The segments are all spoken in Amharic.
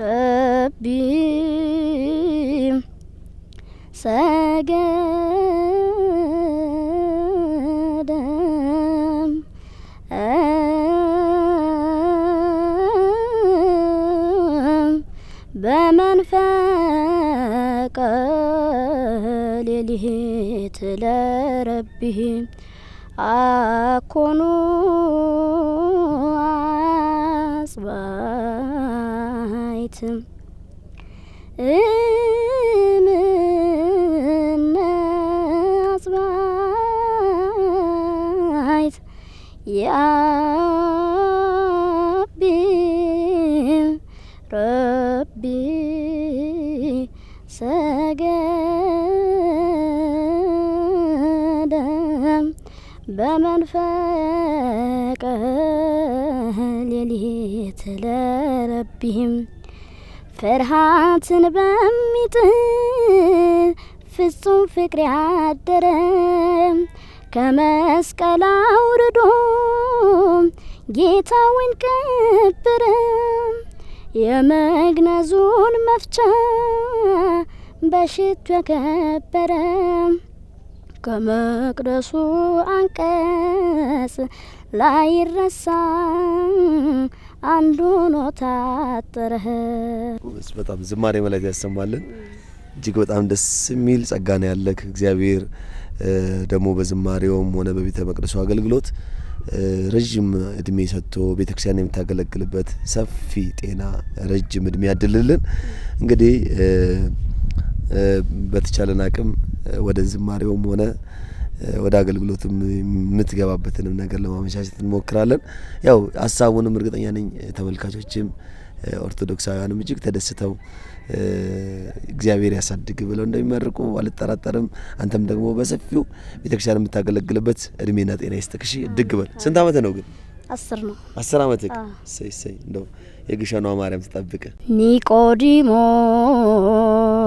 ረቢ ሰገደም በመንፈቀ ሌሊት ለረቢህ አኮኑ አጽባ ማየት እምነ አጽባይት ያቢ ረቢ ሰገደ በመንፈቀ ሌሊት ለረቢህም ፍርሃትን በሚጥል ፍጹም ፍቅር ያደረ ከመስቀል አውርዶ ጌታውን ቀበረ። የመግነዙን መፍቻ በሽቱ ያከበረ ከመቅደሱ አንቀጽ ላይረሳ አንዱ ኖ ታጠረህ። በጣም ዝማሬ መላእክት ያሰማልን። እጅግ በጣም ደስ የሚል ጸጋ ነው ያለክ እግዚአብሔር ደግሞ በዝማሬውም ሆነ በቤተ መቅደሱ አገልግሎት ረዥም እድሜ ሰጥቶ ቤተ ክርስቲያን የምታገለግልበት ሰፊ ጤና ረዥም እድሜ ያድልልን። እንግዲህ በተቻለን አቅም ወደ ዝማሬውም ሆነ ወደ አገልግሎቱም የምትገባበትንም ነገር ለማመቻቸት እንሞክራለን። ያው ሀሳቡንም እርግጠኛ ነኝ ተመልካቾችም ኦርቶዶክሳውያንም እጅግ ተደስተው እግዚአብሔር ያሳድግ ብለው እንደሚመርቁ አልጠራጠርም። አንተም ደግሞ በሰፊው ቤተክርስቲያን የምታገለግልበት እድሜና ጤና ይስጥቅሽ። እድግ በል። ስንት አመት ነው ግን? አስር ነው። አስር አመት ሰይ ሰይ እንደው የግሸኗ ማርያም ትጠብቅ። ኒቆዲሞ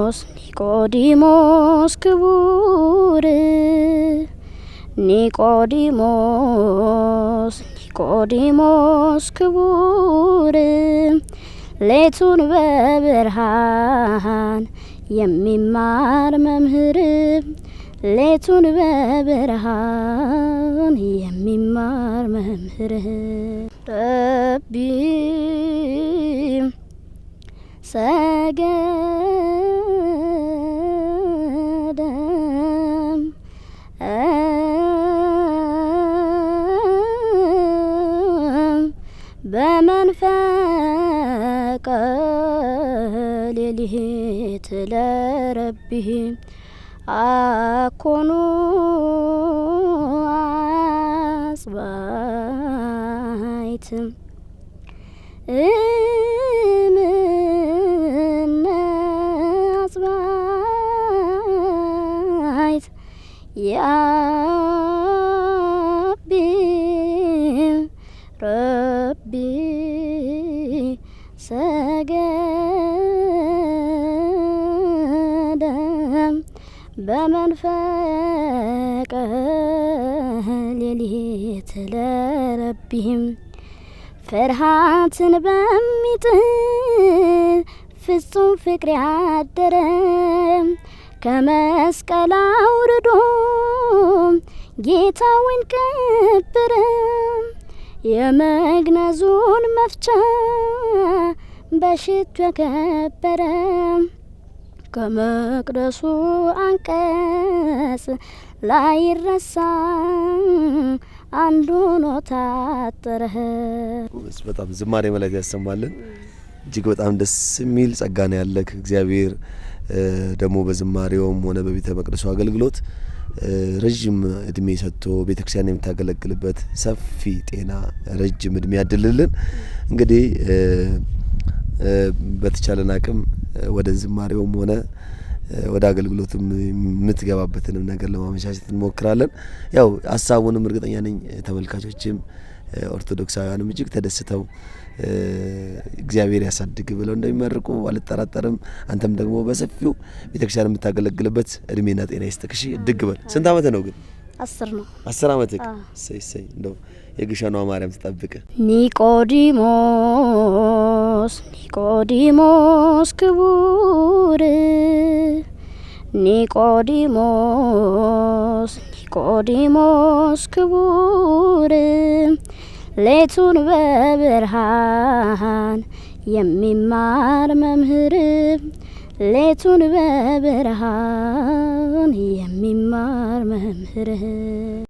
ኒቆዲሞስ ኒቆዲሞስ ክቡር ኒቆዲሞስ ኒቆዲሞስ ክቡር ሌቱን በብርሃን የሚማር መምህር ሌቱን በብርሃን የሚማር መምህር ረቢ ሰገ በመንፈቀ ሌሊት ለረቢህ አኮኑ አጽባይትም يا ربي ربي سجد بمن فاق لليت لربهم فرحاتن بميت فصوم فكري عدرم ከመስቀል አውርዶ ጌታውን ቀበረ። የመግነዙን መፍቻ በሽቱ የከበረ ከመቅደሱ አንቀጽ ላይረሳ አንዱ ሆኖ ታጠረህ። በጣም ዝማሬ መላእክት ያሰማልን። እጅግ በጣም ደስ የሚል ጸጋ ነው ያለክ እግዚአብሔር ደግሞ በዝማሬውም ሆነ በቤተ መቅደሱ አገልግሎት ረዥም እድሜ ሰጥቶ ቤተክርስቲያን የምታገለግልበት ሰፊ ጤና ረጅም እድሜ ያድልልን። እንግዲህ በተቻለን አቅም ወደ ዝማሬውም ሆነ ወደ አገልግሎትም የምትገባበትንም ነገር ለማመቻቸት እንሞክራለን። ያው ሀሳቡንም እርግጠኛ ነኝ ተመልካቾችም ኦርቶዶክሳውያንም እጅግ ተደስተው እግዚአብሔር ያሳድግ ብለው እንደሚመርቁ አልጠራጠርም። አንተም ደግሞ በሰፊው ቤተክርስቲያን የምታገለግልበት እድሜና ጤና ይስጥክሽ። እድግ በል። ስንት አመት ነው ግን? አስር ነው። አስር አመት እሰይ እሰይ። እንደው የግሸኗ ማርያም ትጠብቅ። ኒቆዲሞስ ኒቆዲሞስ ክቡር ኒቆዲሞስ ኒቆዲሞስ ክቡር ሌቱን በብርሃን የሚማር መምህር ሌቱን በብርሃን የሚማር መምህር